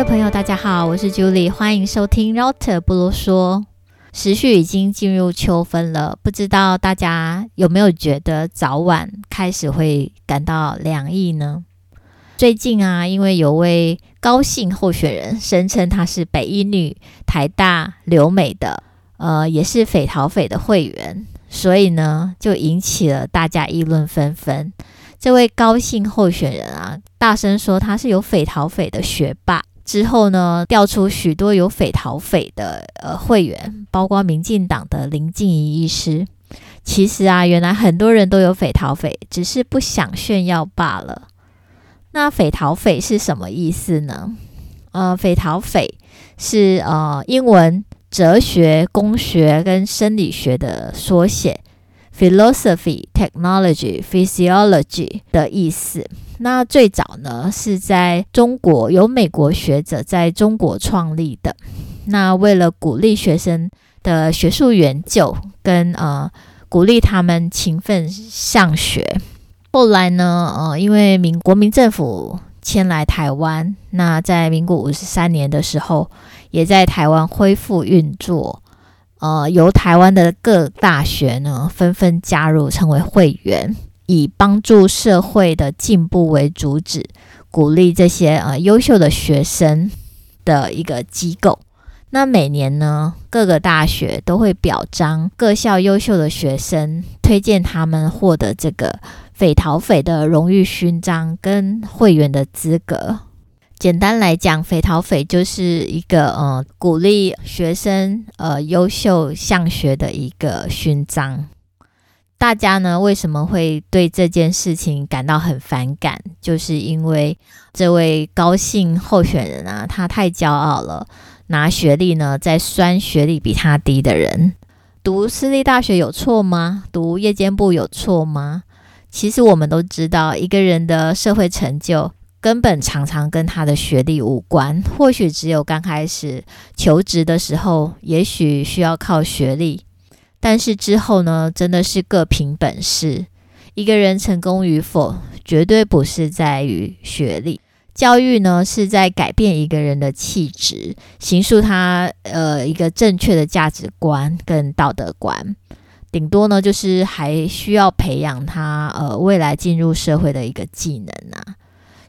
各位朋友，大家好，我是 Julie，歡迎收聽《Router 不囉嗦》，時序已經進入秋分了，不知道大家有沒有覺得早晚開始會感到涼意呢？最近啊，因為有位高姓候選人聲稱他是北一女台大留美的，呃，也是斐陶斐的會員，所以呢，就引起了大家議論紛紛。這位高姓候選人啊，大聲說他是有斐陶斐的學霸。之後呢，調出許多有斐陶斐的呃會員，包括民進黨的林靜怡醫師。其實啊，原來很多人都有斐陶斐，只是不想炫耀罷了。那斐陶斐是什麼意思呢？呃，斐陶斐是呃英文哲學、工學跟生理學的縮寫 （philosophy, technology, physiology） 的意思。那最早呢，是在中國由美國學者在中國創立的。那為了鼓勵學生的學術研究，跟呃鼓勵他們勤奮上學。後來呢，呃，因為民國民政府遷來台灣，那在民國五十三年的時候，也在台灣恢復運作。呃，由台灣的各大學呢，紛紛加入成為會員。以幫助社會的進步為主旨，鼓勵這些呃優秀的學生的一個機構。那每年呢，各個大學都會表彰各校優秀的學生，推薦他們獲得這個斐陶斐的榮譽勳章跟會員的資格。簡單來講，斐陶斐就是一個呃鼓勵學生呃優秀向學的一個勳章。大家呢，為什麼會對這件事情感到很反感？就是因為這位高姓候選人啊，他太驕傲了，拿學歷呢，在酸學歷比他低的人。讀私立大學有錯嗎？讀夜間部有錯嗎？其實我們都知道，一個人的社會成就根本常常跟他的學歷無關。或許只有剛開始求職的時候，也許需要靠學歷。但是之後呢，真的是各憑本事。一個人成功與否，絕對不是在於學歷。教育呢，是在改變一個人的氣質，形塑他，呃，一個正確的價值觀跟道德觀。頂多呢，就是還需要培養他，呃，未來進入社會的一個技能吶、啊。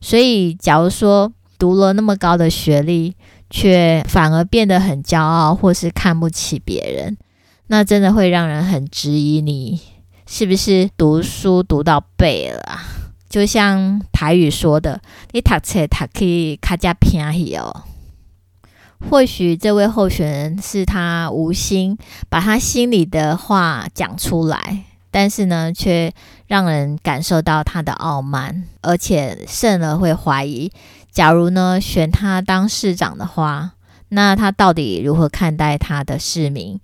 所以，假如說讀了那麼高的學歷，卻反而變得很驕傲，或是看不起別人。那真的會讓人很質疑你是不是讀書讀到背了，就像台語說的，“你塔切塔可以卡加便宜哦。”或許這位候選人是他無心把他心裡的話講出來，但是呢，卻讓人感受到他的傲慢，而且甚而會懷疑：假如呢，選他當市長的話，那他到底如何看待他的市民？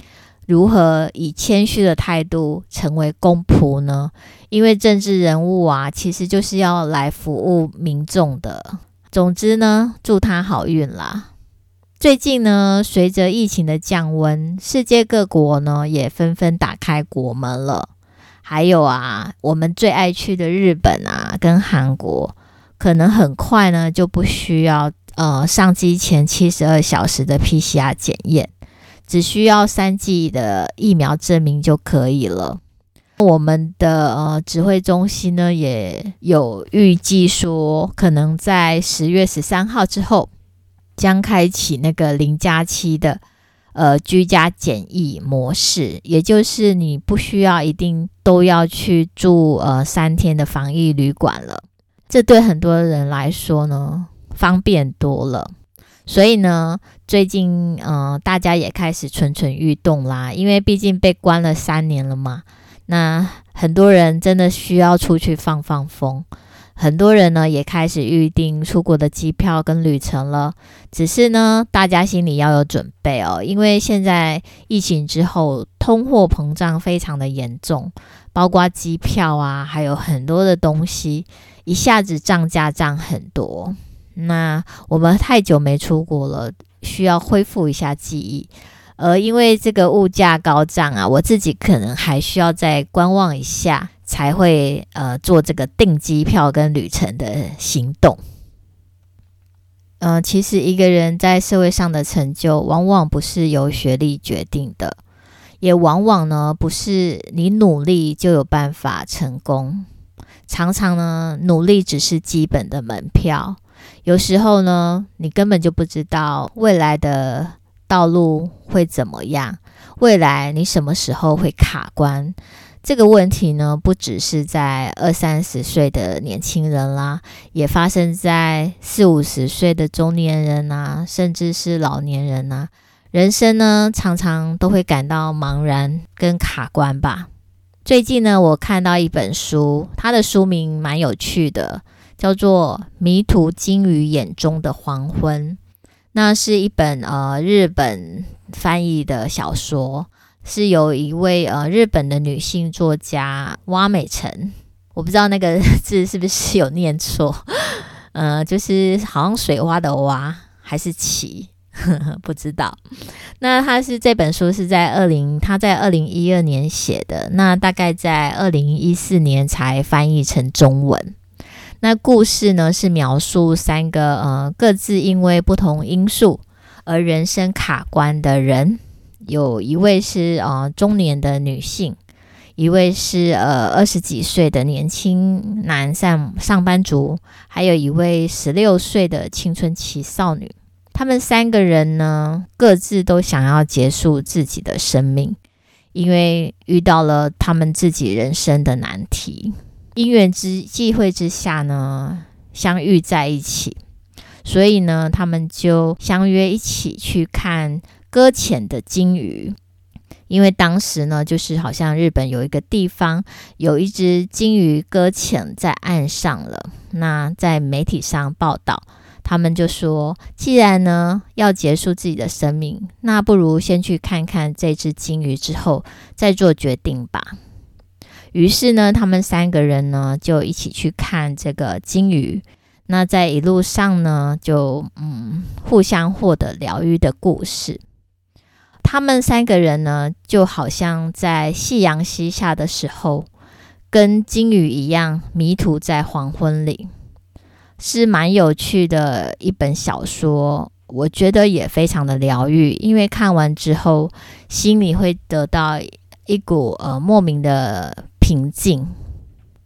如何以謙虛的態度成為公僕呢？因為政治人物啊，其實就是要來服務民眾的。總之呢，祝他好運啦！最近呢，隨着疫情的降溫，世界各國呢，也紛紛打開國門了。還有啊，我們最愛去的日本啊，跟韓國，可能很快呢，就不需要呃上機前七十二小時的 PCR 檢驗。只需要三劑的疫苗證明就可以了。我們的呃指揮中心呢，也有預計說，可能在十月十三號之後，將開啟那個零加七的呃居家檢疫模式，也就是你不需要一定都要去住呃三天的防疫旅館了。這對很多人來說呢，方便多了。所以呢，最近呃，大家也開始蠢蠢欲動啦，因為畢竟被關了三年了嘛，那很多人真的需要出去放放風，很多人呢也開始預定出國的機票跟旅程了。只是呢，大家心裡要有準備哦，因為現在疫情之後，通貨膨脹非常的嚴重，包括機票啊，還有很多的東西一下子漲價漲很多。那我們太久沒出國了，需要恢復一下記憶。而因為這個物價高漲啊，我自己可能還需要再觀望一下，才會呃做這個訂機票跟旅程的行動。呃，其實一個人在社會上的成就，往往不是由學歷決定的，也往往呢不是你努力就有辦法成功。常常呢，努力只是基本的門票。有時候呢，你根本就不知道未來的道路會怎麼樣，未來你什麼時候會卡關？這個問題呢，不只是在二三十歲的年輕人啦，也發生在四五十歲的中年人啦，甚至是老年人啦。人生呢，常常都會感到茫然跟卡關吧。最近呢，我看到一本書，它的書名蠻有趣的。叫做《迷途鯨魚眼中的黃昏》，那是一本呃日本翻譯的小說，是由一位呃日本的女性作家窪美澄。我不知道那個字是不是有念錯，呃，就是好像水洼的洼還是棋呵，呵不知道。那他是這本書是在二零，他在二零一二年寫的，那大概在二零一四年才翻譯成中文。那故事呢，是描述三個呃各自因為不同因素而人生卡關的人。有一位是呃中年的女性，一位是呃二十幾歲的年輕男上上班族，還有一位十六歲的青春期少女。他們三個人呢，各自都想要結束自己的生命，因為遇到了他們自己人生的難題。因緣之際會之下呢，相遇，在一起，所以呢，他們就相約一起去看擱淺的鯨魚。因為當時呢，就是好像日本有一個地方有一隻鯨魚擱淺在岸上了，那在媒體上報道，他們就說，既然呢要結束自己的生命，那不如先去看看這隻鯨魚，之後再做決定吧。於是呢，他們三個人呢就一起去看這個鯨魚。那在一路上呢，就嗯互相獲得療癒的故事。他們三個人呢，就好像在夕陽西下的時候，跟鯨魚一樣迷途在黃昏裡，是蠻有趣的一本小說。我覺得也非常的療癒，因為看完之後心裡會得到一股呃莫名的。平靜。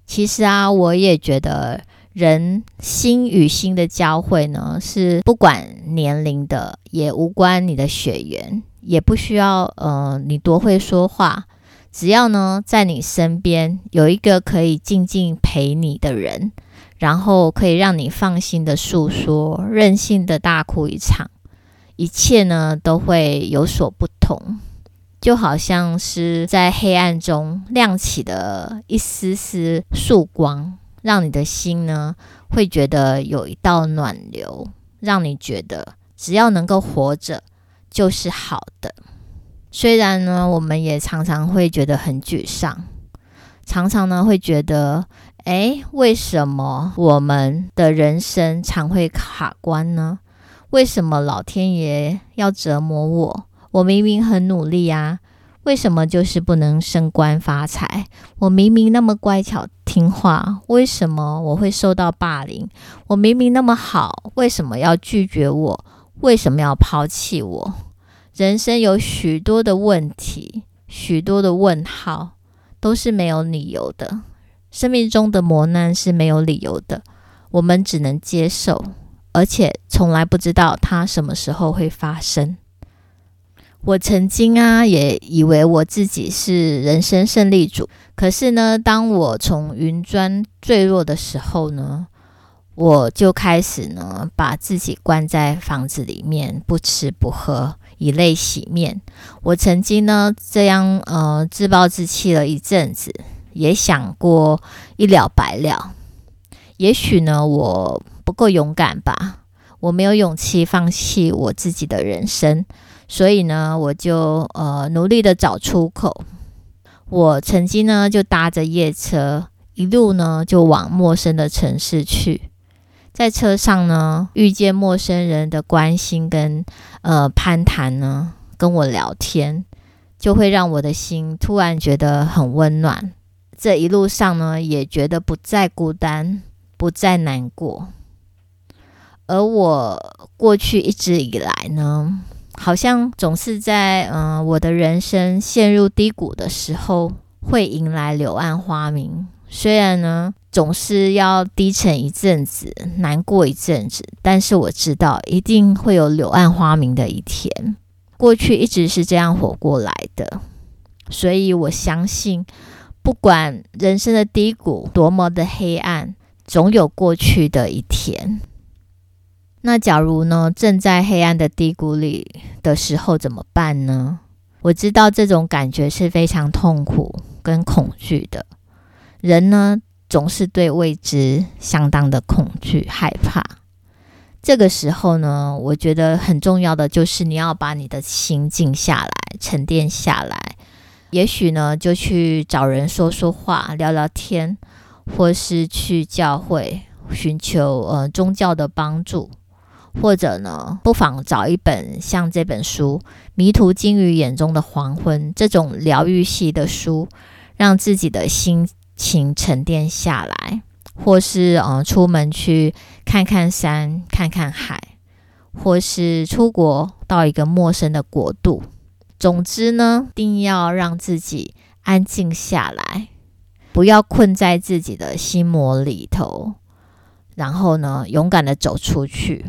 其實啊，我也覺得人心與心的交匯呢，是不管年齡的，也無關你的血緣，也不需要呃你多會說話，只要呢在你身邊有一個可以靜靜陪你的人，然後可以讓你放心的訴說，任性的大哭一場，一切呢都會有所不同。就好像是在黑暗中亮起的一絲絲曙光，讓你的心呢會覺得有一道暖流，讓你覺得只要能夠活着就是好的。雖然呢，我們也常常會覺得很沮喪，常常呢會覺得，哎，為什麼我們的人生常會卡關呢？為什麼老天爺要折磨我？我明明很努力啊，為什麼就是不能升官發財？我明明那麼乖巧聽話，為什麼我會受到霸凌？我明明那麼好，為什麼要拒絕我？為什麼要拋棄我？人生有許多的問題，許多的問號，都是沒有理由的。生命中的磨難是沒有理由的，我們只能接受，而且從來不知道它什麼時候會發生。我曾經啊，也以為我自己是人生勝利組。可是呢，當我從雲端墜落的時候呢，我就開始呢，把自己關在房子裡面，不吃不喝，以淚洗面。我曾經呢，這樣呃自暴自棄了一陣子，也想過一了百了。也許呢，我不夠勇敢吧，我沒有勇氣放棄我自己的人生。所以呢，我就呃努力的找出口。我曾經呢就搭着夜車，一路呢就往陌生的城市去。在車上呢，遇見陌生人的關心跟呃攀談呢，跟我聊天，就會讓我的心突然覺得很溫暖。這一路上呢，也覺得不再孤單，不再難過。而我過去一直以來呢，好像總是在嗯、呃，我的人生陷入低谷的時候，會迎來柳暗花明。雖然呢，總是要低沉一陣子，難過一陣子，但是我知道一定會有柳暗花明的一天。過去一直是這樣活過來的，所以我相信，不管人生的低谷多麼的黑暗，總有過去的一天。那假如呢，正在黑暗的低谷裡的時候怎麼辦呢？我知道這種感覺是非常痛苦跟恐懼的。人呢，總是對未知相當的恐懼害怕。這個時候呢，我覺得很重要的就是你要把你的心靜下來，沉澱下來。也許呢，就去找人說說話、聊聊天，或是去教會尋求呃宗教的幫助。或者呢，不妨找一本像這本書《迷途鯨魚眼中的黃昏》這種療癒系的書，讓自己的心情沉澱下來；或是呃，出門去看看山、看看海，或是出國到一個陌生的國度。總之呢，一定要讓自己安靜下來，不要困在自己的心魔裡頭，然後呢，勇敢地走出去。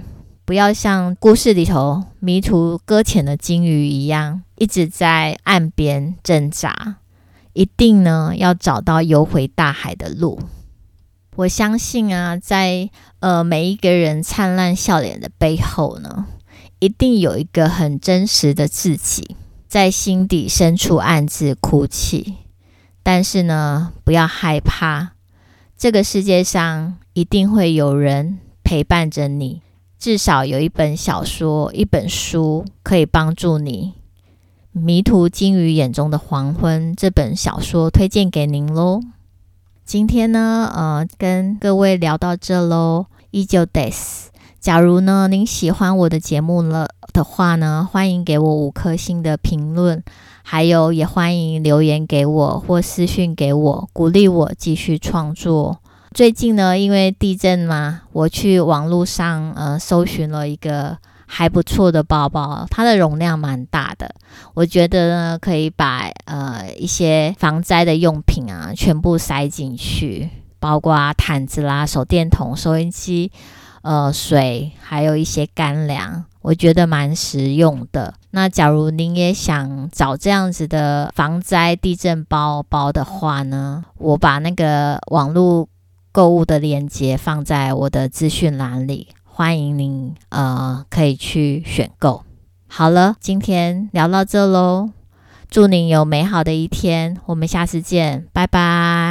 不要像故事裡頭迷途擱淺的鯨魚一樣，一直在岸邊掙扎。一定呢，要找到游回大海的路。我相信啊，在呃每一個人燦爛笑臉的背後呢，一定有一個很真實的自己，在心底深處暗自哭泣。但是呢，不要害怕，這個世界上一定會有人陪伴着你。至少有一本小說、一本書可以幫助你。迷途鯨魚眼中的黃昏，這本小說推薦給您嘍。今天呢，呃，跟各位聊到這嘍，依舊 days。假如呢，您喜歡我的節目了的話呢，歡迎給我五顆星的評論，還有也歡迎留言給我或私訊給我，鼓勵我繼續創作。最近呢，因為地震嘛，我去網絡上呃搜尋了一個還不錯的包包，它的容量蠻大的，我覺得呢可以把呃一些防災的用品啊全部塞進去，包括毯子啦、手電筒、收音機、呃水，還有一些乾糧，我覺得蠻實用的。那假如您也想找這樣子的防災地震包包的話呢，我把那個網絡購物的鏈接放在我的資訊欄裡，歡迎您呃可以去選購。好了，今天聊到這嘍，祝您有美好的一天，我們下次見，拜拜。